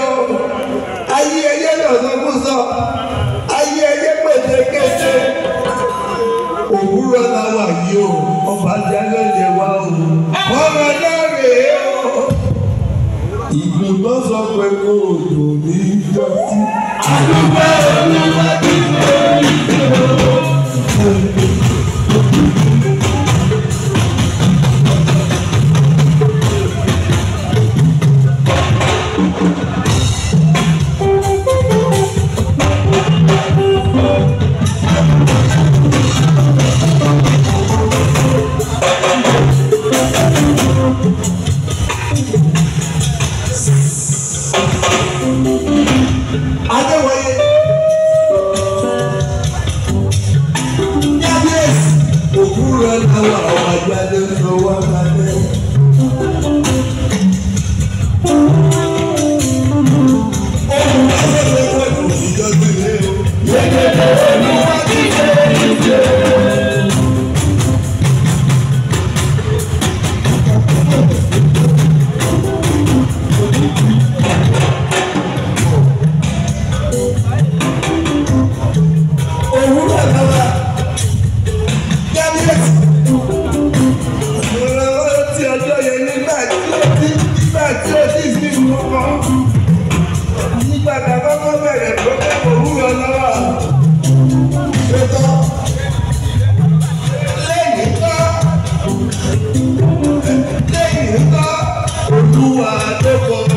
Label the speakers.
Speaker 1: o ayé ẹyẹ náà sọkún sọ ayé ẹyẹ pèsè kése
Speaker 2: òwúrọ̀ la wà yìí o ọba tí a lọ o ọmọ náà rèé o ìgbìmọ̀ sọ pé kó o tò ní yọtí. àdúgbò ìlú wa dé.
Speaker 3: الهوى وجد الهوى فديه
Speaker 4: olúwa tó kọ.